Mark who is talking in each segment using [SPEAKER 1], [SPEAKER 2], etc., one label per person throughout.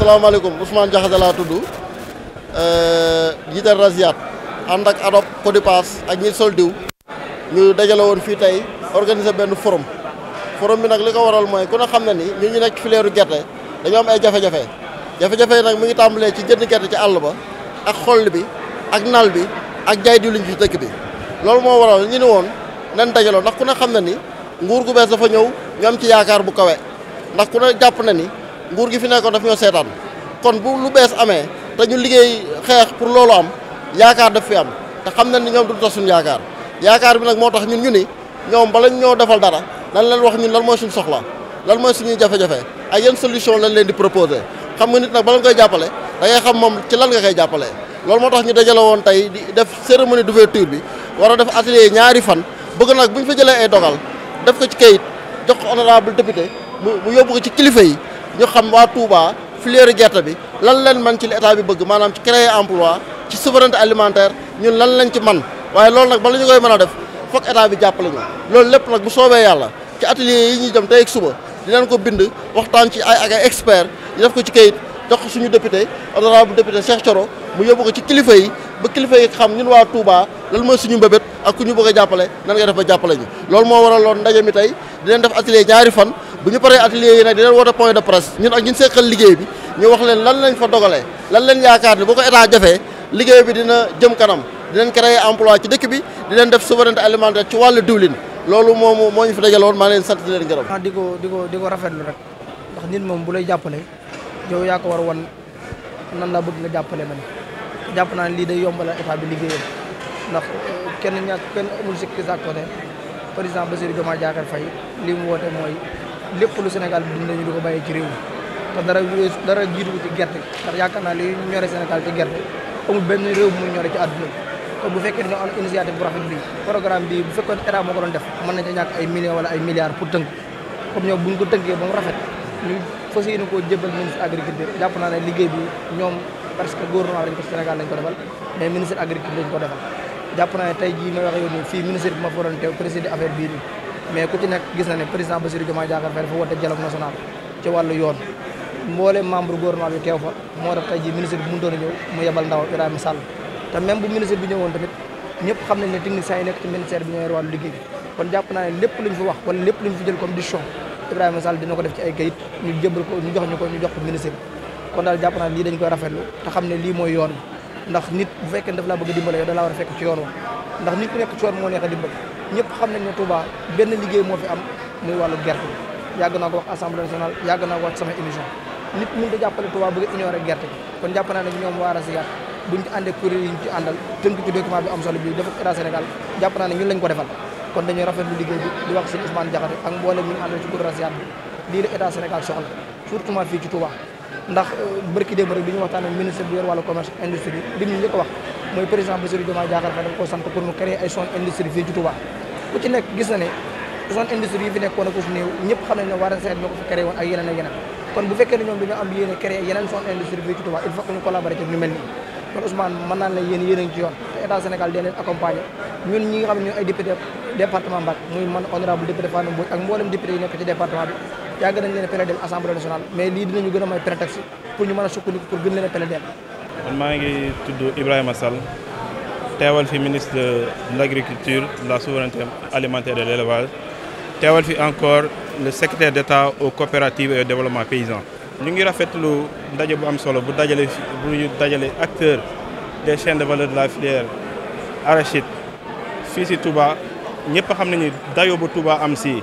[SPEAKER 1] salaamaaleykum Ousmane Diakhaté laa tudd eh, jiital Raziat ànd ak adop Codipass ak ñi sol soldiw ñu dajale woon fii tey organiser benn forum forum bi nag li ko waral mooy ku ne xam na ni ñun ñu nekk fileeru gerte dañoo ay jafe-jafe jafe-jafe nag mi ngi tàmbalee ci jënd gerte ci àll ba ak xoll bi ak nal bi ak jaay diwlin ci dëkk bi loolu moo waral ñu ni woon nan dajaloo ndax ku ne xam na ni nguur gu bees dafa ñëw ñu ci yaakaar bu kawe ndax ku ne jàpp na ni nguur gi fi nekkoon daf ñoo seetaan kon bu lu bees amee te ñu liggéey xeex pour loolu am yaakaar daf fi am te xam nañ ni ñoom du tax suñu yaakaar yaakaar bi nag moo tax ñun ñu ni ñoom bala ñoo defal dara lan leen wax ñun lan mooy suñu soxla lan mooy suñuy jafe-jafe ak yan solution lañ leen di proposer xam nga nit nag bala nga koy jàppale da ngay xam moom ci lan nga koy jàppale loolu moo tax ñu dajale woon tey di def cérémonie d'ouverture bi war a def atelier ñaari fan bëgg nag bu ñu fa jëlee ay dogal def ko ci kayit jox ko honorable député mu yóbbu ci kilifa yi ñu xam waa Touba filière gerte bi lan leen man ci li état bi bëgg maanaam ci créer emploi ci souveraineté alimentaire ñun lan lañ ci man waaye loolu nag bala ñu koy mën a def foog état bi jàppale ñu loolu lépp nag bu soobee yàlla ci atelier yi ñuy dem tey ak suba dinañ ko bind waxtaan ci ay ak ay expert ñu def ko ci kayit jox ko suñu député honorable député Cheikh Thioro mu yóbbu ko ci kilifa yi ba kilifa yi xam ñun waa Touba lan mooy suñu mbébét ak ku ñu bëgg a jàppale nan ngay def ba jàppale ñu loolu moo waraloon ndaje mi tey di leen def atelier ñaari fan bu ñu paree atelier yi nag di leen woote point de presse ñun ak ñun liggéey bi ñu wax leen lan lañ fa dogalee lan leen yaakaar ne boo ko état jafee liggéey bi dina jëm kanam di leen créer emploi ci dëkk bi di leen def souveraineté alimentaire ci wàllu diwlin loolu moom moo ñu fi dajaloon maa leen sant di leen gërëm. di ko di ko di ko rafetlu rek
[SPEAKER 2] ndax nit moom bu lay jàppale yow yaa ko war a wan nan laa bëgg nga jàppale ma ne jàpp naa ne lii day yombala état bi liggéeyam ndax kenn ñàkk kenn amul sikki sàkk ne président Bassirou Diomaye Diakhar Faye li mu woote mooy lépp lu Sénégal bi dund ñu di ko bàyyee ci réew mi dara dara ci gerte ndax yaakaar naa li ñore Sénégal ci gerte amul benn réew mu ñore ci àdduna bi te bu fekkee dañoo am initiative bu rafet bi programme bi bu fekkoon état moo ko doon def mën nañ ca ñàkk ay millions wala ay milliards pour tënk comme ñoom buñ ko tënkee ba mu rafet ñu fas yéene koo jébal ministre agriculture jàpp naa ne liggéey bi ñoom parce que gouvernement bi dañ ko Sénégal ko defal mais ministre agriculture lañ ko defal jàpp naa ne tey jii may wax yow nii fii ministre bi ma fa doon teew président affaire bii nii mais ku ci nekk gis na ne président Bassirou Diomaye Diakhar Faye dafa woote dialogue national ci wàllu yoon mboole membre gouvernement bi teew fa moo tax tey jii ministre bi mënutoon a ñëw mu yebal ndaw Ibrahima Sall te même bu ministre bi ñëwoon tamit ñëpp xam nañ ne techniciens yi nekk ci ministère bi ñoo yor liggéey kon jàpp naa ne lépp lu ñu fi wax wala lépp lu dina ko def ci ay kayit ñu jëbal ko ñu jox ñu ko ñu jox ko ministre bi xam ne lii mooy yoon ndax nit bu fekkee daf laa bëgg a dimbale yow da war a fekk ci yoon wa ndax nit ku ci yoon moo neex a dimbale ñëpp xam nañ ne Touba liggéey moo fi am muy wàllu gerte yàgg naa ko wax assemblée nationale yàgg naa ko wax sama émission nit mënut a jàppale Touba bëgg a ignorer gerte kon jàpp naa ne ñoom waa RASIGAT buñ ci àndee kuréel yi ñu ci àndal tënk ci document bi am solo bii dafa naa ne ñun lañ ko defal kon dañuy rafetlu liggéey bi di wax sëñ Ousmane Diakhaté ak mboolem ñu àndal ci kuréel RASIGAT bi lii la état Sénégal ndax euh, bërki démb rek bi ñu waxtaan ak ministre bi yor wàllu commerce industrie li ñu njëkk a wax mooy président Bassirou Diomaye Diakhar Faye dafa ko sant pour mu créer ay zone industrie na ne zone industrie yi fi nekkoon am il faut que ñu collaborer ci mel nii kon Ousmane mën naan la yéen yéen ci yoon état Sénégal dina leen accompagner ñun ñi xam ne ay député département Mbacké muy man honorable député Fane Mbodj ak mboolem député yi nekk ci département bi yàgg nañ leen a plédeel assemblée nationale mais li dinañu gëna prétexte pour ñu mëna a pour gën leen a plédeel.
[SPEAKER 3] man maa ngi tudd Ibrahima Sall téwal fi ministre de l'Agriculture de la souveraineté alimentaire et de l'Élevage. téwal suis fi encore le secrétaire d'État aux coopératives et au développement paysan. ñu ngi rafetlu ndaje bu am solo bu dajalé bu ñu dajalé acteurs des chaînes de valeur de la filière arachide fi ci Touba ñepp xam nañu dayo bu Touba am si.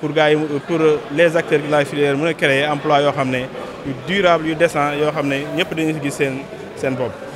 [SPEAKER 3] pour les acteurs de la filière des a créer emploi yoo xam ne durable yu décent sont xam